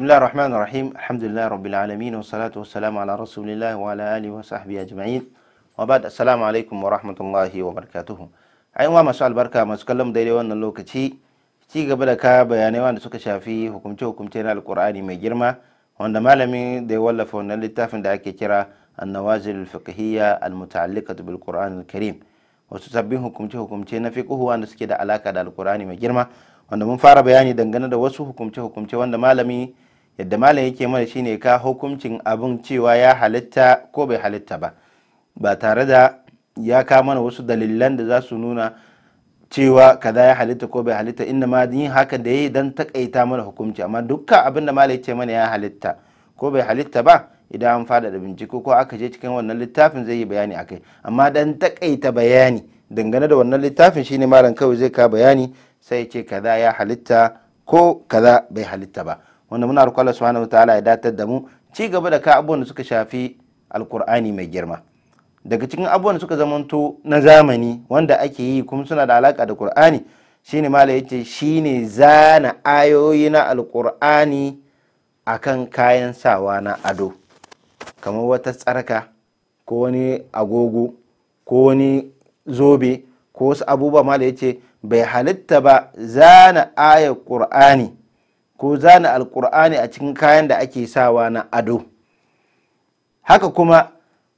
بسم الله الرحمن الرحيم الحمد لله رب العالمين والصلاة والسلام على رسول الله وعلى آله وصحبه أجمعين وبعد السلام عليكم ورحمة الله وبركاته أيوة ما شاء البركة ما تكلم دايري وانا لو كتي تي قبل كاب يعني وانا سوك شافي حكم تي حكم تينا القرآن ما جرما وانا مالمي دي والا فونا لتافن داك النوازل الفقهية المتعلقة بالقرآن الكريم وستسبين حكم تي حكم تينا فيكوه وانا سكيدا علاقة دا القرآن ما جرما wanda mun fara bayani dangane da wasu hukumce-hukumce wanda malami yadda malam yake mana shine ka hukuncin abin cewa ya halitta ko bai halitta ba ba tare da ya ka mana wasu dalilan da za su nuna cewa kaza ya halitta ko bai halitta inda ma yin haka da yi dan takaita mana hukunci amma dukkan abin da malam yake mana ya halitta ko bai halitta ba idan an fada da bincike ko aka je cikin wannan littafin zai yi bayani a kai amma dan takaita bayani dangane da wannan littafin shine malam kawai zai ka bayani sai ce kaza ya halitta ko kaza bai halitta ba wanda muna roƙon Allah subhanahu wataala ya datar da mu ci gaba da ka abubuwan da suka shafi alkur'ani mai girma daga cikin abubuwan da suka zamanto na zamani wanda ake yi kuma suna da alaka da qur'ani shine mala yace shine zana ayoyi na alkur'ani akan kayan sawa na ado kamar wata tsarka ko wani agogo ko wani zobe ko wasu abubuwa mala yace bai halitta ba zana ayar qur'ani ko zana alkur'ani a cikin kayan da ake sawa na ado haka kuma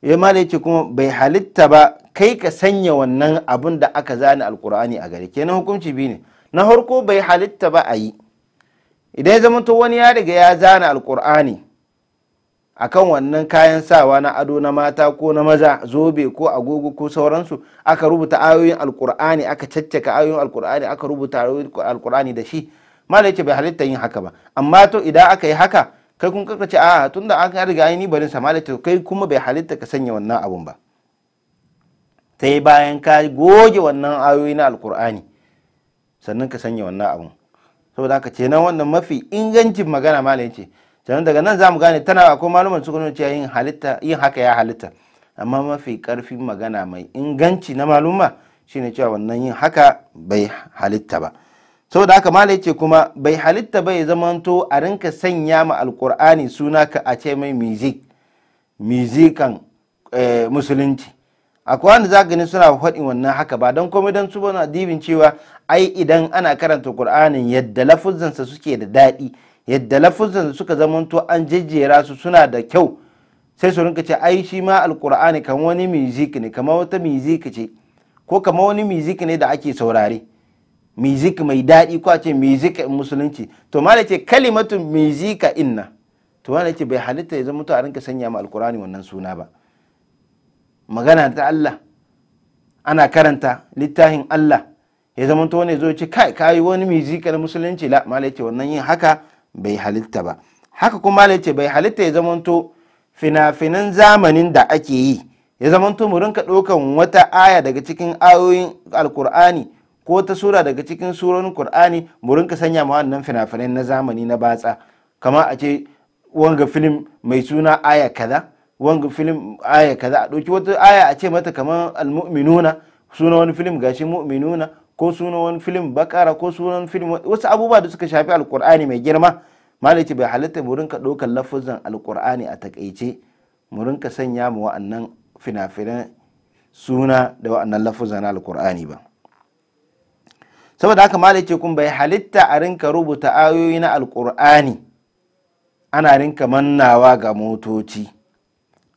ya malace kuma bai halitta ba kai ka sanya wannan abin da aka zana alkur'ani a gare kenan hukunci biyu ne na harko bai halitta ba a yi idan ya zamanto wani ya riga ya zana alkur'ani akan wannan kayan sawa na ado na mata ko na maza zobe ko agogo ko sauransu aka rubuta ayoyin alkur'ani aka caccaka ayoyin alkur'ani aka rubuta ayoyin alkur'ani da shi mala yace bai halitta yin haka ba amma to idan aka yi haka kai kun kaka ce a tunda aka riga ainihin ni barin sa mala to kai kuma bai halitta ka sanya wannan abun ba sai bayan ka goge wannan ayoyi na alkur'ani sannan ka sanya wannan abun saboda haka ce nan wannan mafi ingancin magana malam yace sannan daga nan mu gane tana ko maluman su kuma ce yin halitta yin haka ya halitta amma mafi karfin magana mai inganci na maluma shine cewa wannan yin haka bai halitta ba saboda haka malai ce kuma bai halitta bai zamanto a rinka sanya ma alkur'ani suna ka a ce mai mizik mizikan eh, musulunci akwai wanda za gani suna faɗin wannan haka ba don komai don su na dibin cewa ai idan ana karanta qur'anin yadda lafuzansa suke da daɗi yadda lafuzansa suka zamanto an jejjera su suna da kyau sai su rinka ce ai shi ma alkur'ani kamar wani mizik ne kamar wata mizik ce ko kamar wani mizik ne da ake saurare music mai daɗi ko a ce music in musulunci to da ce kalimatu musica inna to malam ce bai halitta ya zama to a rinka sanya ma alkurani wannan suna ba magana ta Allah ana karanta littafin Allah ya zama to wani zo ce kai kai wani musica na musulunci la malam ce wannan yin haka bai halitta ba haka kuma malam ce bai halitta ya zama to fina-finan zamanin da ake yi ya zama to mu rinka ɗaukan wata aya daga cikin ayoyin alkur'ani ko ta sura daga cikin surorin Kur'ani mu rinka sanya ma wannan fina-finai na zamani na batsa kama a ce wanga film mai suna aya kaza wanga film aya kaza a ɗauki wata aya a ce mata kamar al-mu'minuna suna wani film gashi mu'minuna ko suna wani film bakara ko suna wani film wasu abubuwa da suka shafi alkur'ani mai girma malaki bai halitta mu rinka ɗaukar lafazan alkur'ani a takaice mu rinka sanya mu wa'annan fina-finan suna da wa'annan lafazan alkur'ani ba saboda haka malai kun bai halitta a rinka rubuta ayoyi na alkur'ani ana rinka mannawa ga motoci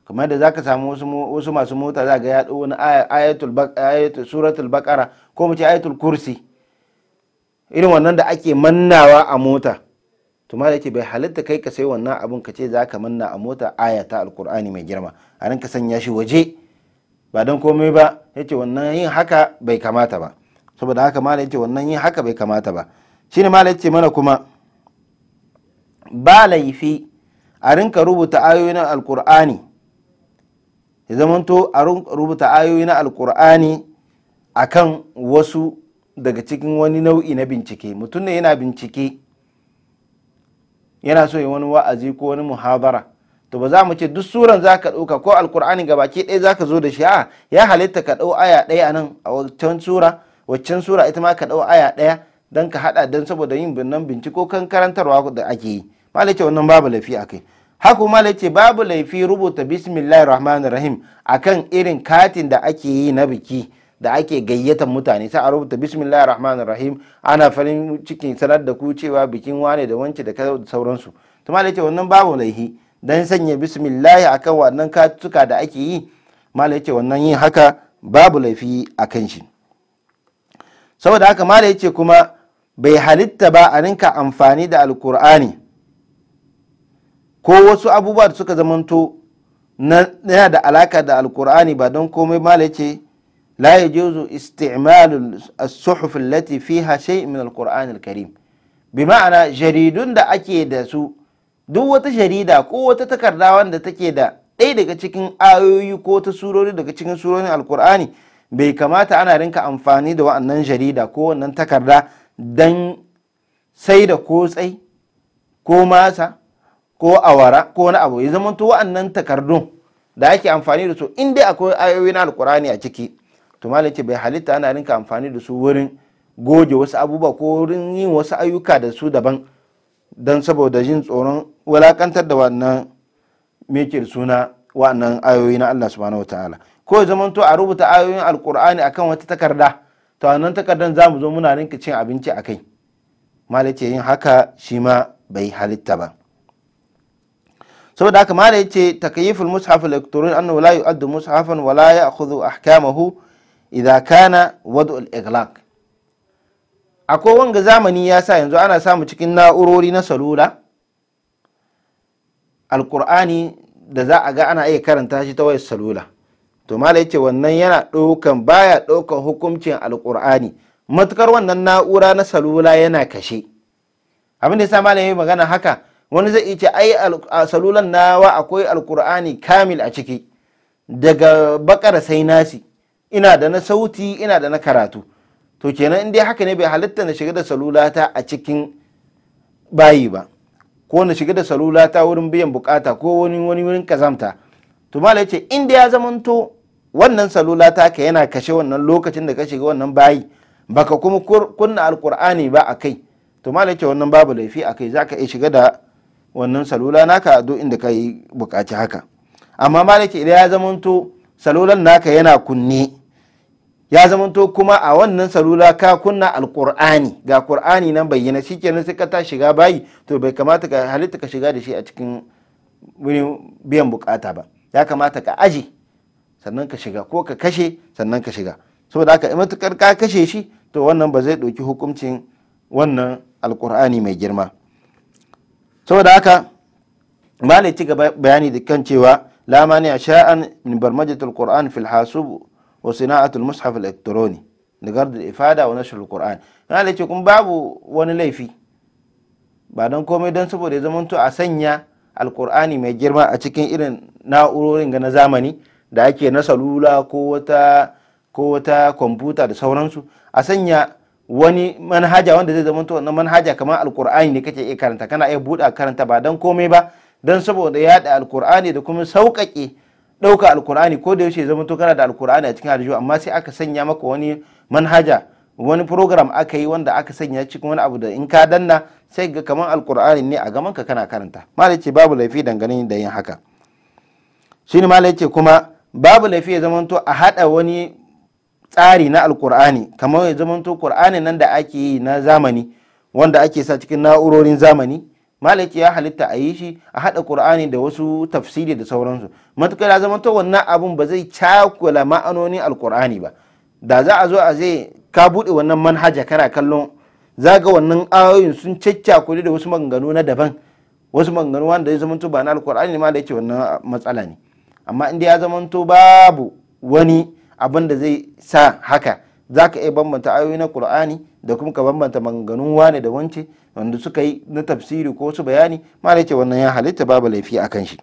kamar da zaka samu wasu masu mota za ga ya wani ayatul suratul bakara ko mu ce ayatul kursi irin wannan da ake mannawa a mota to malai bai halitta kai ka sai wannan abun ka ce za ka manna a mota ayata alkur'ani mai girma a rinka sanya shi waje ba don komai ba yace wannan yin haka bai kamata ba saboda haka mala yace wannan yin haka bai kamata ba shi shine mala yace mana kuma ba laifi a rinka rubuta ayoyin alkur'ani ya zamanto a rubuta ayoyin alkur'ani kan wasu daga cikin wani nau'i na bincike mutum ne yana bincike yana so ya wani wa'azi ko wani muhabara to ba za mu ce duk suran za ka ɗauka ko alkur'ani gabaki ɗaya za ka zo da shi a ya halitta ka ɗau aya ɗaya a nan a wancan sura waccan sura ita ma ka dau aya ɗaya don ka haɗa don saboda yin binnan binciko kan karantarwa da ake yi malai wannan babu laifi a kai haku malai ce babu laifi rubuta bismillahir rahmanir rahim akan irin katin da ake yi na biki da ake gayyatar mutane sai a rubuta bismillahir rahmanir rahim ana farin cikin sanar da ku cewa bikin wane da wance da sauransu to malai wannan babu laifi dan sanya bismillahi akan wannan katuka da ake yi malai ce wannan yin haka babu laifi akan shi saboda haka mala yace kuma bai halitta ba a ninka amfani da alkur'ani ko wasu abubuwa da suka zamanto yana da alaka da alkur'ani ba don komai mala yace la yajuzu isti'malu as-suhuf allati fiha shay min alkur'ani alkarim bi ma'ana jaridun da ake da su duk wata jarida ko wata takarda wanda take da ɗaya daga cikin ayoyi ko ta surori daga cikin surorin alkur'ani bai kamata ana rinka amfani da wa'annan jarida ko wannan takarda don sai da kotsai ko masa ko awara ko wani abu ya zama to wa'annan takardun da ake amfani da su inda akwai ayoyi na alkurani a ciki to malam ce bai halitta ana rinka amfani da su wurin goge wasu abubuwa ko wurin yin wasu ayyuka da su daban don saboda jin tsoron wulakantar da wannan mekir suna wa'annan ayoyi na Allah subhanahu ta'ala ko ya zamanto a rubuta ayoyin alkur'ani akan wata takarda to wannan takardan za mu zo muna rinka cin abinci a kai mala yace yin haka shi ma bai halitta ba saboda haka mala yace takyiful mushaf al annahu la yu'addu mushafan wa la ya'khudhu ahkamahu idha kana wad'u al-iglaq akwai wanga zamani ya sa yanzu ana samu cikin na'urori na salula alkur'ani da za a ga ana iya karanta shi ta wayar salula to mala yace wannan yana ɗaukan baya ɗaukan hukuncin alƙur'ani matukar wannan na'ura na salula yana kashe abin da yasa mala yayi magana haka wani zai iya ce ai salulan nawa akwai alƙur'ani kamil a ciki daga bakara sai nasi ina da na sauti ina da na karatu to kenan in dai haka ne bai halitta na shiga da salulata a cikin bayi ba ko na shiga da salula ta wurin biyan bukata ko wani wani wurin kazamta to mala yace in da ya zamanto wannan salula ta ka yana kashe wannan lokacin da ka shiga wannan bayi baka kuma kunna alkur'ani ba akai kai to mala yace wannan babu laifi akai zaka iya shiga da wannan salula naka a duk inda ka bukaci haka amma mala yace idan ya zamanto salulan naka yana kunne ya zamanto kuma a wannan salula ka kunna alkur'ani ga kur'ani nan bayyana shikenan sai ka ta shiga bayi to bai kamata ka halitta ka shiga da shi a cikin wurin biyan bukata ba ya kamata ka aje sannan ka shiga ko ka kashe sannan ka shiga saboda haka in matukar ka kashe shi to wannan ba zai ɗauki hukuncin wannan alkur'ani mai girma saboda haka malai ci gaba bayani da kan cewa la mani sha'an min barmajatul qur'an fil hasub wa sina'atul mushaf al-elektroni da gardar ifada wa nashar al-qur'an yana da ce kun babu wani laifi ba dan komai don saboda ya zamanta a sanya alkur'ani mai girma a cikin irin na'urorin ga na zamani da ake na salula ko wata ko wata kwamfuta da sauransu a sanya wani manhaja wanda zai zama wannan manhaja kamar alkur'ani ne kake iya karanta kana iya buɗe karanta ba dan komai ba don saboda yaɗa alkur'ani da kuma sauƙaƙe ɗauka alkur'ani ko da yaushe zama to kana da alkur'ani a cikin aljihu amma sai aka sanya maka wani manhaja wani program aka yi wanda aka sanya cikin wani abu da in ka danna sai ga kaman alkur'ani ne a gaman ka kana karanta malai ce babu laifi dangane da yin haka shine malai ce kuma babu laifi ya zama to a hada wani tsari na alkur'ani kamar ya zama to qur'ani nan da ake yi na zamani wanda ake sa cikin na'urorin zamani malaki ya halitta a yi shi a haɗa ƙur'ani da wasu tafsiri da sauransu matuƙar ya zama to wannan abun ba zai cakula ma'anoni alƙur'ani ba da za a zo a zai ka buɗe wannan manhaja kana kallon za ga wannan ayoyin sun caccakuli da wasu maganganu na daban wasu maganganu wanda ya zamanto ba na alkur'ani ne ma da yake wannan matsala ne amma inda ya zamanto babu wani abin da zai sa haka zaka iya bambanta ayoyi na qur'ani da kuma ka bambanta maganganun wane da wance wanda suka yi na tafsiri ko su bayani malai ce wannan ya halitta babu laifi akan shi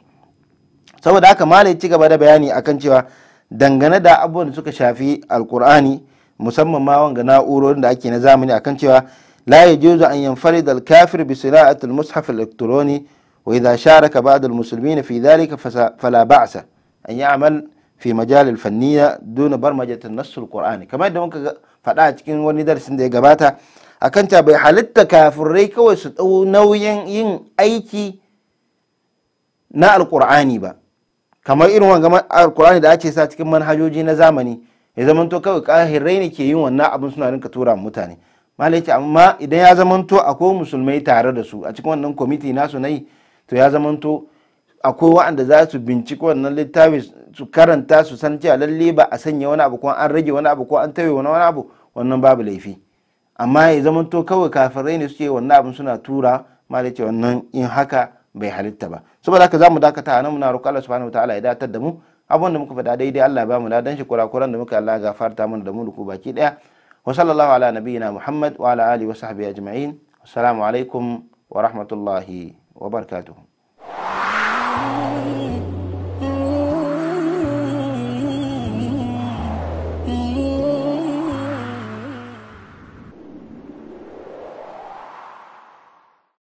saboda haka malai ci gaba da bayani akan cewa dangane da abubuwan da suka shafi alkur'ani musamman ma wanga na'urorin da ake na zamani akan cewa la yajuzu an yanfari dal kafir bi sila'ati mushaf al-elektroni wa idha sharaka ba'd al-muslimin fi dhalika fala ba'sa an yi amal fi majalil fanniya duna barmajatin nassul qur'ani kamar yadda muka faɗa a cikin wani darasin da ya gabata akan ta bai halitta kafirai kawai su ɗau nauyin yin aiki na alqur'ani ba kamar irin wanga alqur'ani da ake sa cikin manhajoji na zamani ya zamanto kawai kahirai ne ke yin wannan abin suna rinka tura mutane malaki amma idan ya zamanto akwai musulmai tare da su a cikin wannan kwamiti nasu na yi to ya zamanto akwai wa'anda za su binciki wannan littafin. su karanta su san cewa lalle ba a sanya wani abu ko an rage wani abu ko an tawe wani wani abu wannan babu laifi amma ya zama to kawai kafirai ne suke wannan abin suna tura ma da ce wannan in haka bai halitta ba saboda haka zamu dakata nan muna roƙo Allah subhanahu wataala ya datar da mu abu da muka faɗa daidai Allah ba mu ladan shi kurakuran da muka Allah gafarta mana da mu da baki daya wa sallallahu ala nabiyyina Muhammad wa ala alihi wa sahbihi ajma'in assalamu alaikum wa rahmatullahi wa barakatuh